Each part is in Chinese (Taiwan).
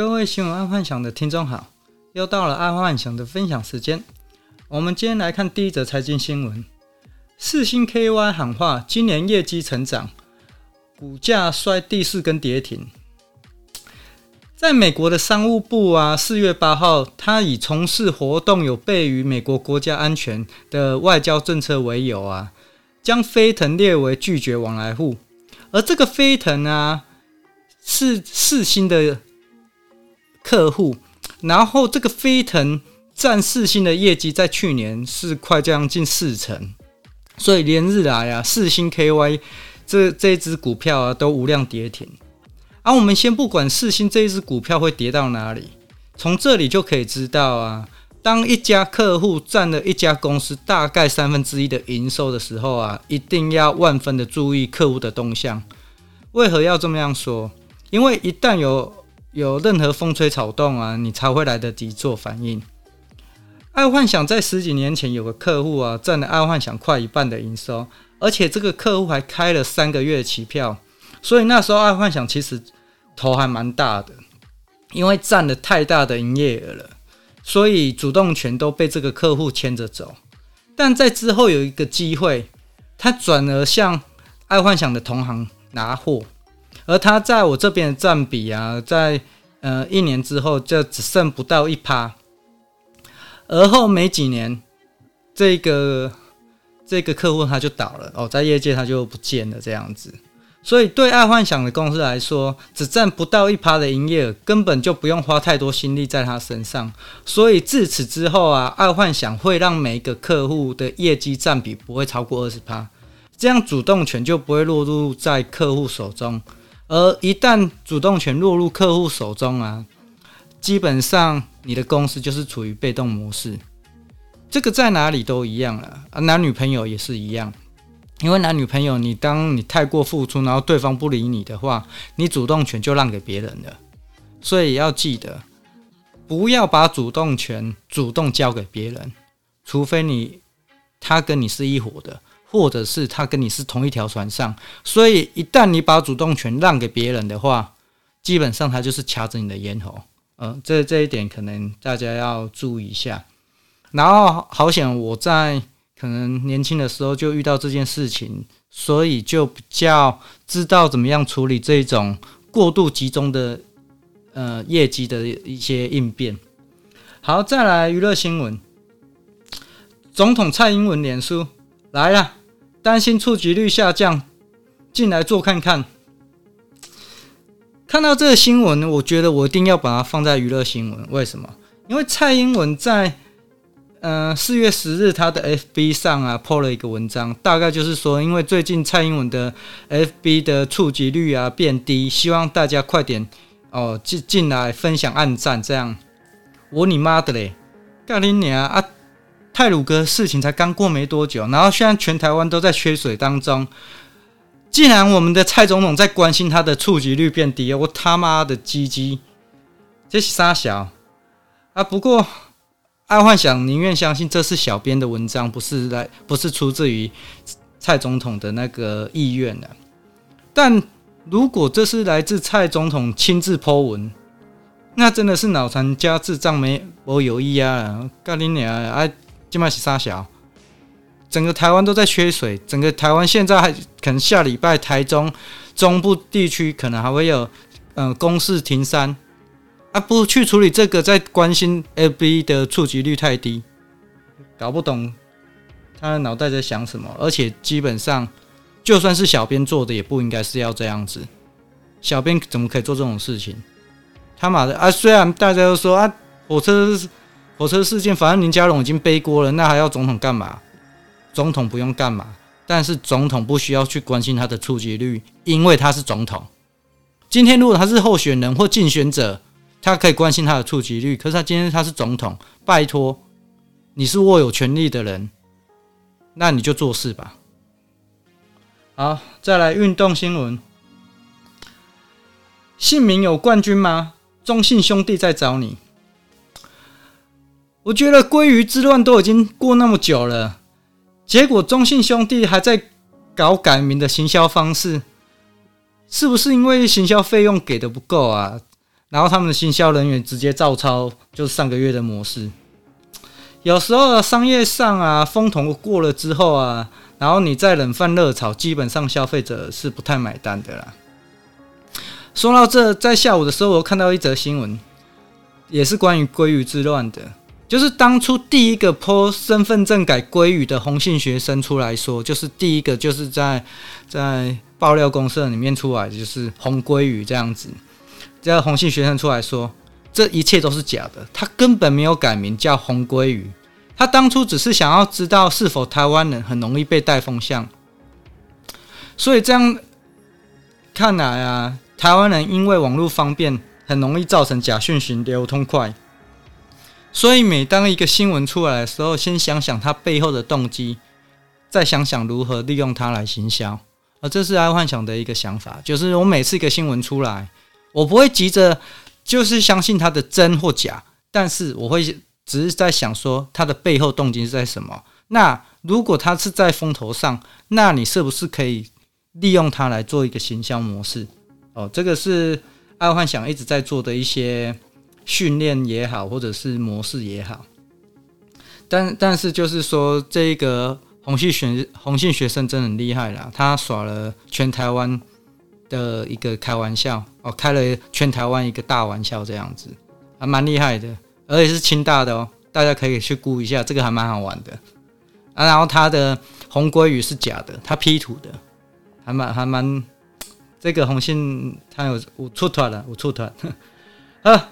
各位新聞愛幻想的聽眾好，又到了愛幻想的分享時間。我們今天來看第一則財經新聞：世芯- KY 喊話，今年業績成長，股價摔第四根跌停。在美國的商務部啊，四月八號，他以從事活動有悖於美國國家安全的外交政策為由啊，將飛騰列為拒絕往來戶。而這個飛騰啊，是世芯的。客戶，然後這個飛騰占世芯的業績在去年是快將近四成，所以連日來啊，世芯 KY 這這只股票啊都無量跌停。啊，我們先不管世芯這一只股票會跌到哪裡，從這裡就可以知道啊，當一家客戶占了一家公司大概三分之一的營收的時候啊，一定要萬分的注意客戶的動向。為何要這麼樣說？因為一旦有有任何風吹草動啊，你才會來得及做反應。愛幻想在十幾年前有個客戶啊，占了愛幻想快一半的營收，而且這個客戶還開了三個月期票，所以那時候愛幻想其實頭還蠻大的，因為占了太大的營業額了，所以主動權都被這個客戶牽着走。但在之後有一個機會，他轉而向愛幻想的同行拿貨。而他在我這邊的占比啊，在呃一年之後就只剩不到一趴，而後沒幾年，這個這個客戶他就倒了哦，在業界他就不見了這樣子。所以對愛幻想的公司來說，只占不到一趴的營業額，根本就不用花太多心力在他身上。所以自此之後啊，愛幻想會讓每個客戶的業績占比不會超過二十趴，這樣主動權就不會落入在客戶手中。而一旦主動權落入客戶手中啊，基本上你的公司就是處於被動模式。這個在哪裡都一樣了，而男女朋友也是一樣。因為男女朋友，你當你太過付出，然後對方不理你的話，你主動權就讓給別人了。所以要記得，不要把主動權主動交給別人，除非你，他跟你是一夥的。或者是他跟你是同一條船上，所以一旦你把主動權讓給別人的話，基本上他就是掐着你的咽喉。呃，這這一點可能大家要注意一下。然後好險我在可能年輕的時候就遇到這件事情，所以就比較知道怎麼樣處理這種過度集中的呃業績的一些應變。好，再來娛樂新聞，總統蔡英文臉書來了。擔心觸及率下降，進來坐看看。看到這個新聞，我覺得我一定要把它放在娛樂新聞。為什麼？因為蔡英文在，呃，四月十日他的 FB 上啊，po 了一個文章，大概就是說，因為最近蔡英文的 FB 的觸及率啊變低，希望大家快點哦進進來分享按讚，這樣。我你媽的嘞，幹你娘啊！太魯閣事情才剛過沒多久，然後現在全台灣都在缺水當中。既然我們的蔡總統在關心他的觸及率變低，我他媽的雞雞這是啥小啊？不過愛幻想寧願相信這是小編的文章，不是來不是出自於蔡總統的那個意願的、啊。但如果這是來自蔡總統親自 po 文，那真的是腦殘加智障沒沒有醫啊！幹你娘啊！今麥是啥小？整個台灣都在缺水，整個台灣現在還可能下禮拜，台中中部地區可能還會有嗯、呃、供五停二，他、啊、不去處理這個，在關心 F B 的觸及率太低，搞不懂他的腦袋在想什麼。而且基本上，就算是小編做的，也不應該是要這樣子。小編怎麼可以做這種事情？他媽的啊！雖然大家都說啊，火車是。火車事件，反正林佳龍已經背鍋了，那還要總統幹嘛？總統不用幹嘛，但是總統不需要去關心他的觸及率，因為他是總統。今天如果他是候選人或競選者，他可以關心他的觸及率。可是他今天他是總統。拜託，你是握有權力的人，那你就做事吧。好，再來運動新聞，姓名有冠軍嗎？中信兄弟在找你。我覺得鮭魚之亂都已經過那麼久了，結果中信兄弟還在搞改名的行銷方式，是不是因為行銷費用給的不夠啊？然後他們的行銷人員直接照抄就是上個月的模式。有時候啊，商業上啊，風頭過了之後啊，然後你再冷飯熱炒，基本上消費者是不太買單的啦。說到這，在下午的時候我看到一則新聞，也是關於鮭魚之亂的。就是當初第一個 PO 身份證改鮭魚的洪姓學生出來說，就是第一個就是在在爆料公社裡面出來，就是紅鮭魚這樣子。這個洪姓學生出來說，這一切都是假的，他根本沒有改名叫紅鮭魚，他當初只是想要知道是否台灣人很容易被帶風向，所以這樣看來啊，台灣人因為網絡方便，很容易造成假訊息流通快。所以，每當一個新聞出來的時候，先想想它背後的動機，再想想如何利用它來行銷。而這是愛幻想的一個想法，就是我每次一個新聞出來，我不會急着就是相信它的真或假，但是我會只是在想說它的背後動機是在什麼。那如果它是在風頭上，那你是不是可以利用它來做一個行銷模式？哦，這個是愛幻想一直在做的一些。訓練也好，或者是模式也好，但但是就是說，這個洪系學洪信學生真的很厲害啦！他耍了全台灣的一個開玩笑哦，開了全台灣一個大玩笑，這樣子還蠻厲害的，而且是清大的哦，大家可以去估一下，這個還蠻好玩的啊。然後他的紅鮭魚是假的，他 P 圖的，還蠻還蠻這個洪信他有，我出團了，我出團啊！呵呵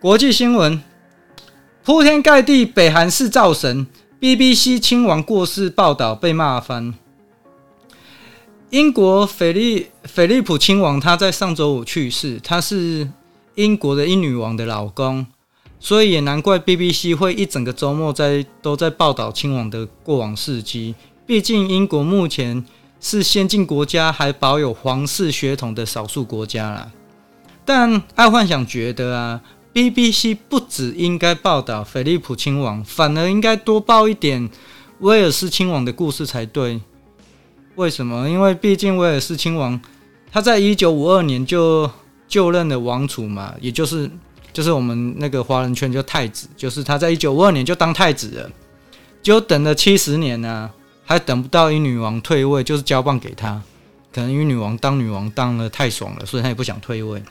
國際新聞鋪天蓋地，北韓式造神。BBC 親王過世報道被罵翻。英國菲利菲利普親王，他在上週五去世，他是英國的英女王的老公，所以也難怪 BBC 會一整個週末在都在報道親王的過往事跡。畢竟英國目前是先進國家，還保有皇室血統的少數國家啦，但愛幻想覺得啊。BBC 不只應該報道菲利普親王，反而應該多報一點威爾斯親王的故事才對。為什麼？因為畢竟威爾斯親王，他在一九五二年就就任了王儲嘛，也就是就是我們那個華人圈叫太子，就是他在一九五二年就當太子了，就等了七十年呢、啊，還等不到英女王退位就是交棒給他。可能英女王當女王當得太爽了，所以他也不想退位。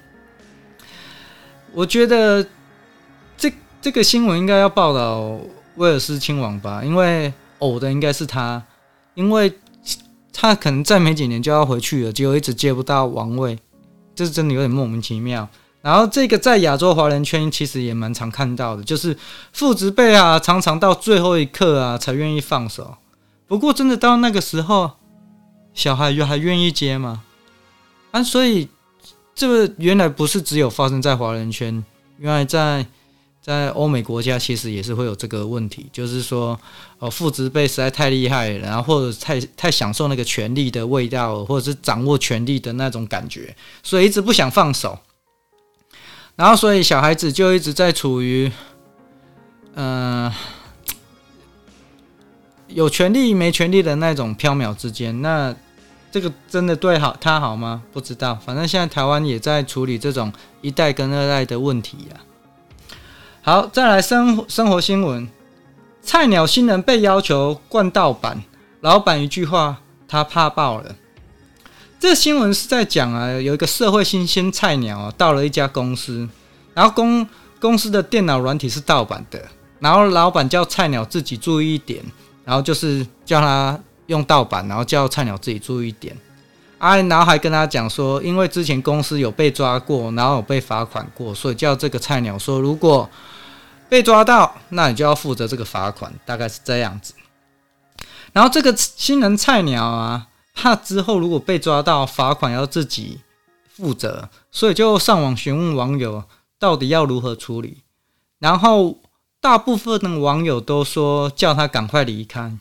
我覺得這這個新聞應該要報道威爾斯親王吧，因為偶、哦、的應該是他，因為他可能再沒幾年就要回去了，結果一直接不到王位，這是真的有點莫名其妙。然後這個在亞洲華人圈其實也蠻常看到的，就是父子輩啊，常常到最後一刻啊才願意放手。不過真的到那個時候，小孩還願意接嗎？啊，所以。這個原來不是只有發生在華人圈，原來在在歐美國家其實也是會有這個問題，就是說，呃、哦，父執輩實在太厲害，然後或者太太享受那個權力的味道，或者是掌握權力的那種感覺，所以一直不想放手，然後所以小孩子就一直在處於，呃，有權力沒權力的那種縹緲之間，那。這個真的對好他好嗎？不知道，反正現在台灣也在處理這種一代跟二代的問題呀、啊。好，再來生生活新聞：菜鳥新人被要求灌盜版，老板一句話，他怕爆了。這新聞是在講啊，有一個社會新鮮菜鳥到了一家公司，然後公公司的電腦軟體是盜版的，然後老板叫菜鳥自己注意一點，然後就是叫他。用盜版，然後叫菜鳥自己注意一點。啊，然後還跟他講說，因為之前公司有被抓過，然後有被罰款過，所以叫這個菜鳥說，如果被抓到，那你就要負責這個罰款，大概是這樣子。然後這個新人菜鳥啊，怕之後如果被抓到罰款要自己負責，所以就上網詢問網友到底要如何處理。然後大部分的網友都說叫他趕快離開。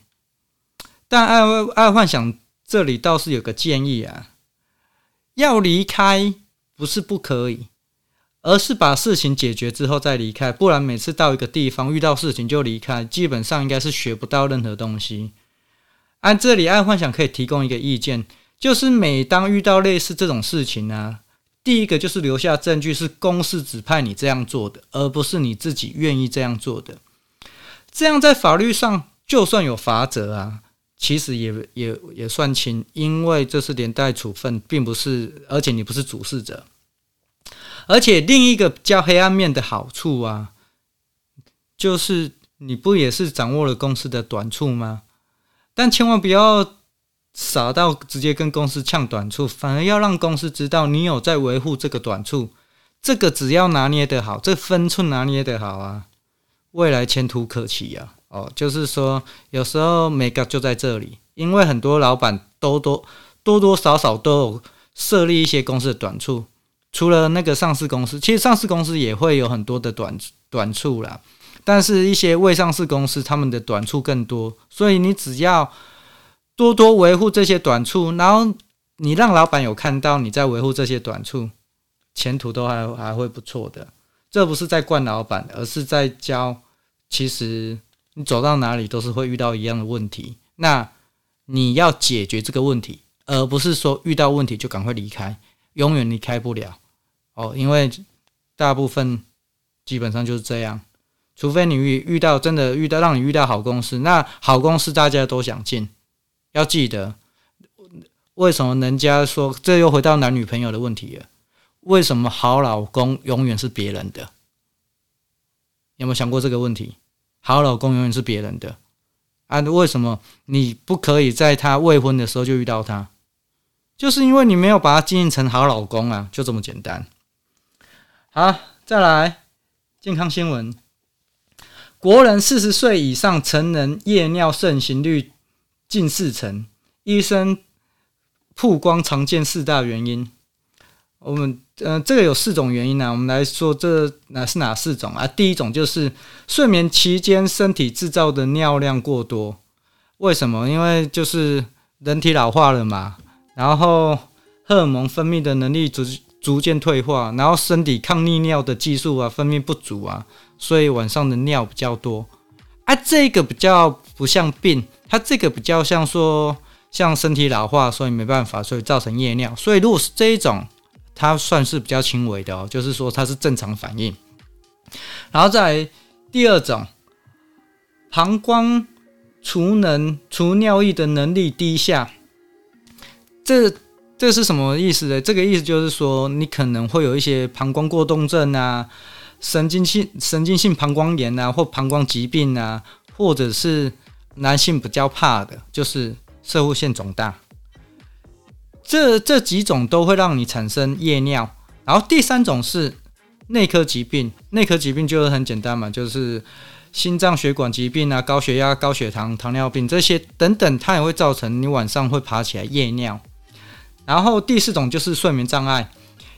但愛愛幻想這裡倒是有個建議啊，要離開不是不可以，而是把事情解決之後再離開，不然每次到一個地方遇到事情就離開，基本上應該是學不到任何東西。按這裡愛幻想可以提供一個意見，就是每當遇到類似這種事情呢，啊，第一個就是留下證據，是公司指派你這樣做的，而不是你自己願意這樣做的，這樣在法律上就算有法則啊。其實也也也算輕，因為這是連帶處分，並不是，而且你不是主事者。而且另一個較黑暗面的好處啊，就是你不也是掌握了公司的短處嗎？但千萬不要傻到直接跟公司嗆短處，反而要讓公司知道你有在維護這個短處。這個只要拿捏得好，這分寸拿捏得好啊，未來前途可期呀。哦，就是說有時候每個，就在這裡，因為很多老闆多，多多少少都有設立一些公司的短處，除了那個上市公司，其實上市公司也會有很多的短短處啦。但是，一些未上市公司他們的短處更多，所以你只要多多維護這些短處，然後你讓老闆有看到你在維護這些短處，前途都還還會不錯的。這不是在慣老闆，而是在教其實。你走到哪裡都是會遇到一樣的問題，那你要解決這個問題，而不是說遇到問題就趕快離開，永遠離開不了哦，因為大部分基本上就是這樣，除非你遇遇到真的遇到讓你遇到好公司，那好公司大家都想進，要記得為什麼人家說，這又回到男女朋友的問題了，為什麼好老公永遠是別人的？你有沒有想過這個問題？好老公永遠是別人的，啊？為什麼你不可以在他未婚的時候就遇到他？就是因為你沒有把他經營成好老公啊，就這麼簡單。好，再來，健康新聞。國人四十歲以上成人夜尿盛行率近四成，醫生曝光常見四大原因。我們嗯、呃、這個有四種原因呢、啊。我們來說，這哪是哪四種啊？第一種就是睡眠期間身體制造的尿量過多，為什麼？因為就是人體老化了嘛，然後荷爾蒙分泌的能力逐逐漸退化，然後身體抗利尿的激素啊分泌不足啊，所以晚上的尿比較多。啊，這個比較不像病，它這個比較像說像身體老化，所以沒辦法，所以造成夜尿。所以如果是這一種，它算是比較輕微的哦，就是說它是正常反應。然後再第二種，膀胱除能除尿液的能力低下，這這是什麼意思呢？這個意思就是說，你可能會有一些膀胱過動症啊，神經性神經性膀胱炎啊，或膀胱疾病啊，或者是男性比較怕的，就是攝護腺腫大。這這幾種都會讓你產生夜尿，然後第三種是內科疾病，內科疾病就是很簡單嘛，就是心臟血管疾病啊、高血壓、高血糖、糖尿病這些等等，它也會造成你晚上會爬起來夜尿。然後第四種就是睡眠障礙，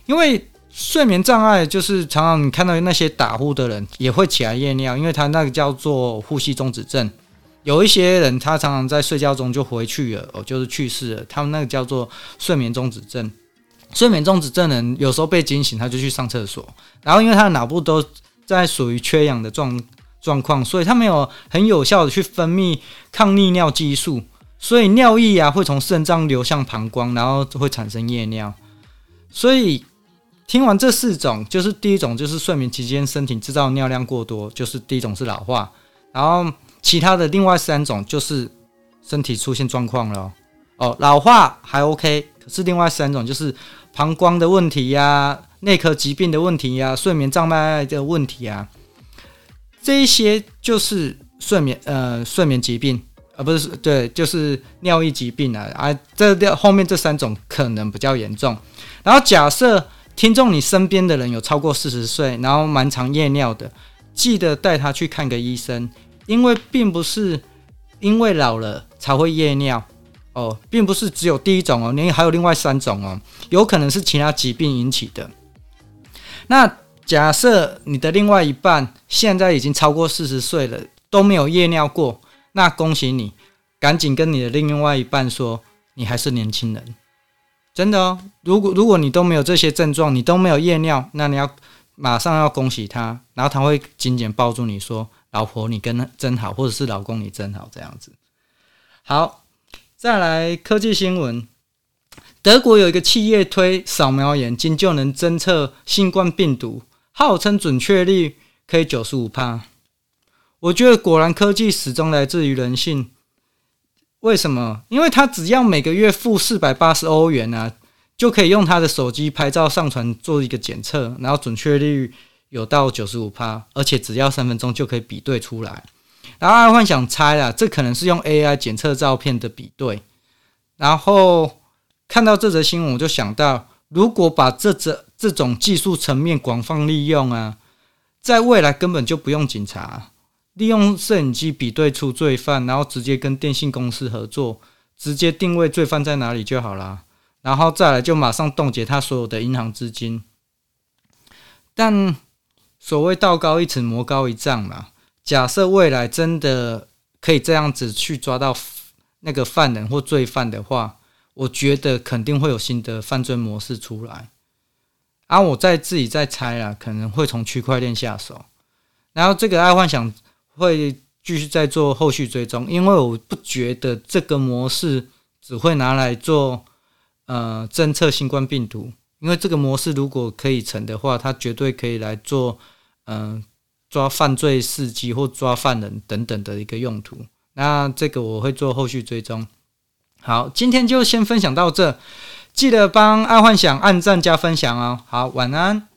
因為睡眠障礙就是常常你看到那些打呼的人也會起來夜尿，因為它那個叫做呼吸中止症。有一些人，他常常在睡覺中就回去了，哦，就是去世了。他們那個叫做睡眠中止症。睡眠中止症的人有時候被驚醒，他就去上廁所。然後，因為他的腦部都在屬於缺氧的狀狀況，所以他沒有很有效的去分泌抗利尿激素，所以尿液啊會從腎臟流向膀胱，然後會產生夜尿。所以，聽完這四種，就是第一種就是睡眠期間身體制造的尿量過多，就是第一種是老化，然後，其他的另外三種就是身體出現狀況了哦，老化還 OK，可是另外三種就是膀胱的問題呀、啊、內科疾病的問題呀、啊、睡眠障礙的問題啊，這一些就是睡眠呃睡眠疾病啊，不是對，就是尿意疾病啊啊，這後面這三種可能比較嚴重。然後假設聽眾你身邊的人有超過四十歲，然後蠻常夜尿的，記得帶他去看個醫生。因為並不是因為老了才會夜尿哦，並不是只有第一種哦，你還有另外三種哦，有可能是其他疾病引起的。那假設你的另外一半現在已經超過四十歲了都沒有夜尿過，那恭喜你，趕緊跟你的另外一半說你還是年輕人，真的哦。如果如果你都沒有這些症狀，你都沒有夜尿，那你要馬上要恭喜他，然後他會緊緊抱住你說。老婆，你跟他真好，或者是老公你真好這樣子。好，再來科技新聞。德國有一個企業推掃描眼睛就能偵測新冠病毒，號稱準確率可以九十五趴。我覺得果然科技始終來自於人性。為什麼？因為他只要每個月付四百八十歐元啊，就可以用他的手機拍照上傳做一個檢測，然後準確率。有到九十五趴，而且只要三分鐘就可以比對出來。然後愛幻想猜啊，這可能是用 AI 檢測照片的比對。然後看到這則新聞，我就想到，如果把這則這種技術層面廣泛利用啊，在未來根本就不用警察，利用攝影機比對出罪犯，然後直接跟電信公司合作，直接定位罪犯在哪裡就好啦。然後再來就馬上凍結他所有的銀行資金。但所謂“道高一尺，魔高一丈”嘛。假設未來真的可以這樣子去抓到那個犯人或罪犯的話，我覺得肯定會有新的犯罪模式出來。啊，我在自己在猜啊，可能會從區塊鏈下手。然後這個愛幻想會繼續在做後續追蹤，因為我不覺得這個模式只會拿來做呃偵測新冠病毒。因為這個模式如果可以成的話，它絕對可以來做，嗯、呃，抓犯罪事跡或抓犯人等等的一個用途。那這個我會做後續追蹤。好，今天就先分享到這，記得幫愛幻想按讚加分享哦。好，晚安。